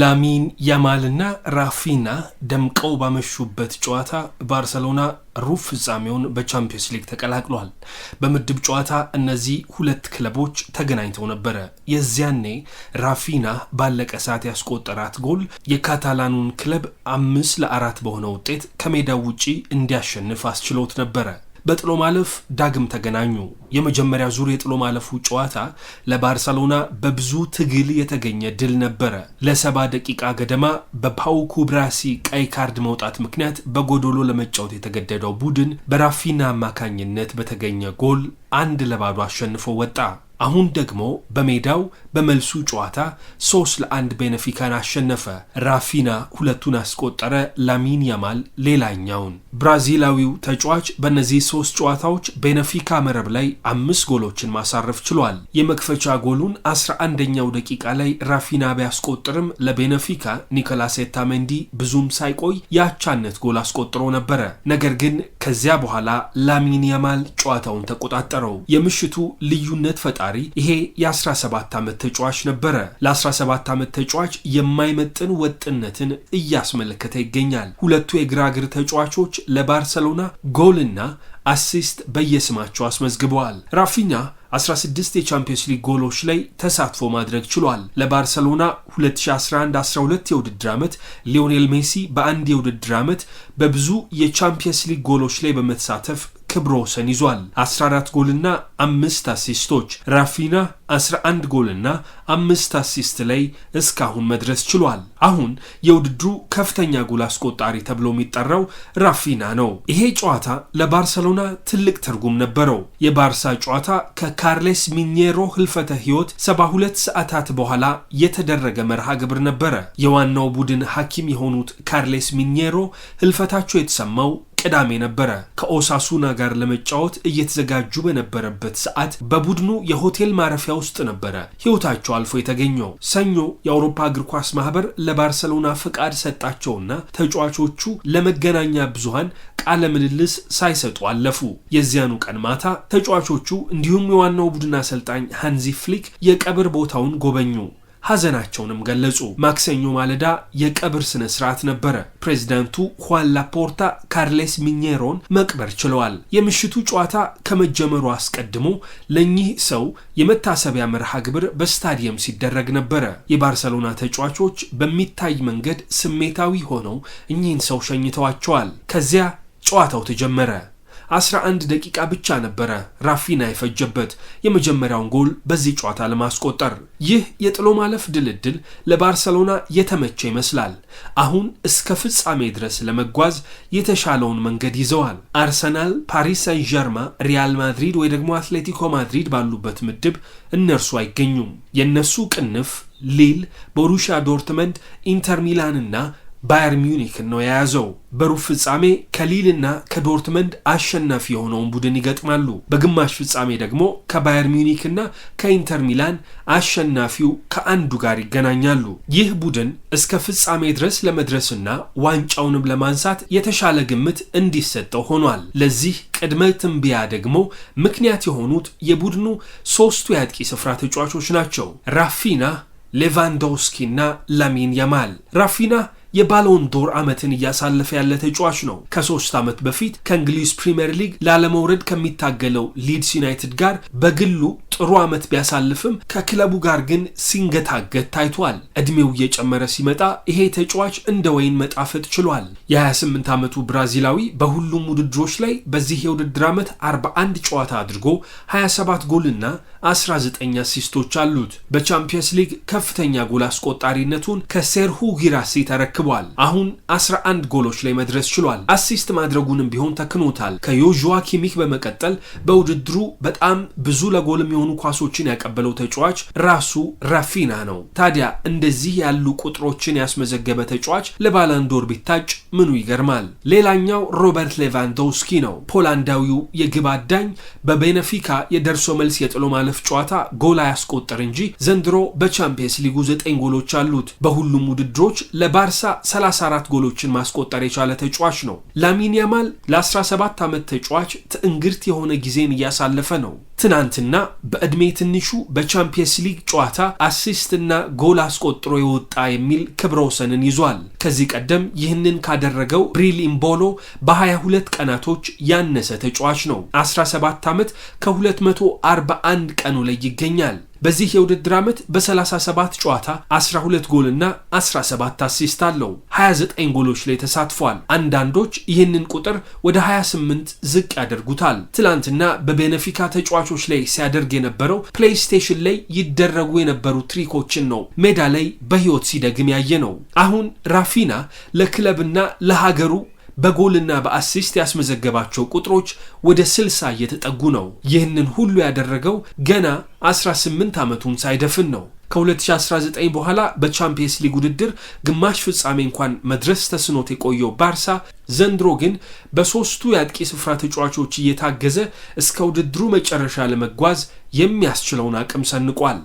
ላሚን ያማልና ራፊና ደምቀው ባመሹበት ጨዋታ ባርሰሎና ሩብ ፍጻሜውን በቻምፒዮንስ ሊግ ተቀላቅሏል። በምድብ ጨዋታ እነዚህ ሁለት ክለቦች ተገናኝተው ነበረ። የዚያኔ ራፊና ባለቀ ሰዓት ያስቆጠራት ጎል የካታላኑን ክለብ አምስት ለአራት በሆነ ውጤት ከሜዳው ውጪ እንዲያሸንፍ አስችሎት ነበረ። በጥሎ ማለፍ ዳግም ተገናኙ። የመጀመሪያ ዙር የጥሎ ማለፉ ጨዋታ ለባርሰሎና በብዙ ትግል የተገኘ ድል ነበረ። ለሰባ ደቂቃ ገደማ በፓው ኩብራሲ ቀይ ካርድ መውጣት ምክንያት በጎዶሎ ለመጫወት የተገደደው ቡድን በራፊና አማካኝነት በተገኘ ጎል አንድ ለባዶ አሸንፎ ወጣ። አሁን ደግሞ በሜዳው በመልሱ ጨዋታ ሶስት ለአንድ ቤኔፊካን አሸነፈ። ራፊና ሁለቱን አስቆጠረ፣ ላሚን ያማል ሌላኛውን። ብራዚላዊው ተጫዋች በእነዚህ ሶስት ጨዋታዎች ቤኔፊካ መረብ ላይ አምስት ጎሎችን ማሳረፍ ችሏል። የመክፈቻ ጎሉን 11ኛው ደቂቃ ላይ ራፊና ቢያስቆጥርም ለቤነፊካ ኒኮላስ ኤታሜንዲ ብዙም ሳይቆይ የአቻነት ጎል አስቆጥሮ ነበረ። ነገር ግን ከዚያ በኋላ ላሚን ያማል ጨዋታውን ተቆጣጠረው። የምሽቱ ልዩነት ፈጣሪ ይሄ የ17 ዓመት ተጫዋች ነበረ። ለ17 ዓመት ተጫዋች የማይመጥን ወጥነትን እያስመለከተ ይገኛል። ሁለቱ የግራ እግር ተጫዋቾች ለባርሰሎና ጎልና አሲስት በየስማቸው አስመዝግበዋል። ራፊኛ 16 የቻምፒየንስ ሊግ ጎሎች ላይ ተሳትፎ ማድረግ ችሏል። ለባርሰሎና 2011-12 የውድድር ዓመት ሊዮኔል ሜሲ በአንድ የውድድር ዓመት በብዙ የቻምፒየንስ ሊግ ጎሎች ላይ በመሳተፍ ክብረ ወሰን ይዟል። 14 ጎልና አምስት አሲስቶች ራፊና 11 ጎልና አምስት አሲስት ላይ እስካሁን መድረስ ችሏል። አሁን የውድድሩ ከፍተኛ ጎል አስቆጣሪ ተብሎ የሚጠራው ራፊና ነው። ይሄ ጨዋታ ለባርሰሎና ትልቅ ትርጉም ነበረው። የባርሳ ጨዋታ ከካርሌስ ሚኔሮ ህልፈተ ህይወት 72 ሰዓታት በኋላ የተደረገ መርሃ ግብር ነበረ። የዋናው ቡድን ሐኪም የሆኑት ካርሌስ ሚኔሮ ህልፈታቸው የተሰማው ቅዳሜ ነበረ። ከኦሳሱና ጋር ለመጫወት እየተዘጋጁ በነበረበት ሰዓት በቡድኑ የሆቴል ማረፊያ ውስጥ ነበረ ሕይወታቸው አልፎ የተገኘው። ሰኞ የአውሮፓ እግር ኳስ ማህበር ለባርሰሎና ፍቃድ ሰጣቸውና ተጫዋቾቹ ለመገናኛ ብዙሃን ቃለ ምልልስ ሳይሰጡ አለፉ። የዚያኑ ቀን ማታ ተጫዋቾቹ እንዲሁም የዋናው ቡድን አሰልጣኝ ሃንዚ ፍሊክ የቀብር ቦታውን ጎበኙ። ሐዘናቸውንም ገለጹ። ማክሰኞ ማለዳ የቀብር ስነ ስርዓት ነበረ። ፕሬዚዳንቱ ሁዋን ላፖርታ ካርሌስ ሚኔሮን መቅበር ችለዋል። የምሽቱ ጨዋታ ከመጀመሩ አስቀድሞ ለእኚህ ሰው የመታሰቢያ መርሃ ግብር በስታዲየም ሲደረግ ነበረ። የባርሰሎና ተጫዋቾች በሚታይ መንገድ ስሜታዊ ሆነው እኚህን ሰው ሸኝተዋቸዋል። ከዚያ ጨዋታው ተጀመረ። 11 ደቂቃ ብቻ ነበረ ራፊና የፈጀበት የመጀመሪያውን ጎል በዚህ ጨዋታ ለማስቆጠር። ይህ የጥሎ ማለፍ ድልድል ለባርሰሎና የተመቸ ይመስላል። አሁን እስከ ፍጻሜ ድረስ ለመጓዝ የተሻለውን መንገድ ይዘዋል። አርሰናል፣ ፓሪስ ሳን ዠርማ፣ ሪያል ማድሪድ ወይ ደግሞ አትሌቲኮ ማድሪድ ባሉበት ምድብ እነርሱ አይገኙም። የእነሱ ቅንፍ ሊል፣ ቦሩሻ ዶርትመንድ፣ ኢንተር ሚላንና ባየር ሚዩኒክን ነው የያዘው። በሩብ ፍጻሜ ከሊልና ከዶርትመንድ አሸናፊ የሆነውን ቡድን ይገጥማሉ። በግማሽ ፍጻሜ ደግሞ ከባየር ሚዩኒክና ከኢንተር ሚላን አሸናፊው ከአንዱ ጋር ይገናኛሉ። ይህ ቡድን እስከ ፍጻሜ ድረስ ለመድረስና ዋንጫውንም ለማንሳት የተሻለ ግምት እንዲሰጠው ሆኗል። ለዚህ ቅድመ ትንቢያ ደግሞ ምክንያት የሆኑት የቡድኑ ሶስቱ የአጥቂ ስፍራ ተጫዋቾች ናቸው፤ ራፊና፣ ሌቫንዶውስኪና ላሚን ያማል። ራፊና የባሎን ዶር ዓመትን እያሳለፈ ያለ ተጫዋች ነው። ከሶስት ዓመት በፊት ከእንግሊዝ ፕሪምየር ሊግ ላለመውረድ ከሚታገለው ሊድስ ዩናይትድ ጋር በግሉ ጥሩ ዓመት ቢያሳልፍም ከክለቡ ጋር ግን ሲንገታገት ታይቷል። እድሜው እየጨመረ ሲመጣ ይሄ ተጫዋች እንደ ወይን መጣፈጥ ችሏል። የ28 ዓመቱ ብራዚላዊ በሁሉም ውድድሮች ላይ በዚህ የውድድር ዓመት 41 ጨዋታ አድርጎ 27 ጎልና 19 አሲስቶች አሉት። በቻምፒየንስ ሊግ ከፍተኛ ጎል አስቆጣሪነቱን ከሴርሁ ጊራሴ ተረክቧል። አድርጓል። አሁን 11 ጎሎች ላይ መድረስ ችሏል። አሲስት ማድረጉንም ቢሆን ተክኖታል። ከዮዥዋ ኪሚክ በመቀጠል በውድድሩ በጣም ብዙ ለጎል የሚሆኑ ኳሶችን ያቀበለው ተጫዋች ራሱ ራፊና ነው። ታዲያ እንደዚህ ያሉ ቁጥሮችን ያስመዘገበ ተጫዋች ለባላንዶር ቢታጭ ምኑ ይገርማል? ሌላኛው ሮበርት ሌቫንዶውስኪ ነው። ፖላንዳዊው የግብ አዳኝ በቤነፊካ የደርሶ መልስ የጥሎ ማለፍ ጨዋታ ጎል አያስቆጠር እንጂ ዘንድሮ በቻምፒየንስ ሊጉ ዘጠኝ ጎሎች አሉት። በሁሉም ውድድሮች ለባርሳ 34 ጎሎችን ማስቆጠር የቻለ ተጫዋች ነው። ላሚን ያማል ለ17 ዓመት ተጫዋች ትዕንግርት የሆነ ጊዜን እያሳለፈ ነው። ትናንትና በዕድሜ ትንሹ በቻምፒየንስ ሊግ ጨዋታ አሲስትና ጎል አስቆጥሮ የወጣ የሚል ክብረ ወሰንን ይዟል። ከዚህ ቀደም ይህንን ካደረገው ብሪል ኢምቦሎ በ22 ቀናቶች ያነሰ ተጫዋች ነው። 17 ዓመት ከ241 ቀኑ ላይ ይገኛል። በዚህ የውድድር ዓመት በ37 ጨዋታ 12 ጎልና 17 አሲስት አለው። 29 ጎሎች ላይ ተሳትፏል። አንዳንዶች ይህንን ቁጥር ወደ 28 ዝቅ ያደርጉታል። ትላንትና በቤነፊካ ተጫዋቾች ላይ ሲያደርግ የነበረው ፕሌይስቴሽን ላይ ይደረጉ የነበሩ ትሪኮችን ነው ሜዳ ላይ በሕይወት ሲደግም ያየ ነው። አሁን ራፊና ለክለብና ለሀገሩ በጎልና በአሲስት ያስመዘገባቸው ቁጥሮች ወደ 60 እየተጠጉ ነው። ይህንን ሁሉ ያደረገው ገና 18 ዓመቱን ሳይደፍን ነው። ከ2019 በኋላ በቻምፒየንስ ሊግ ውድድር ግማሽ ፍጻሜ እንኳን መድረስ ተስኖት የቆየው ባርሳ ዘንድሮ ግን በሦስቱ የአጥቂ ስፍራ ተጫዋቾች እየታገዘ እስከ ውድድሩ መጨረሻ ለመጓዝ የሚያስችለውን አቅም ሰንቋል።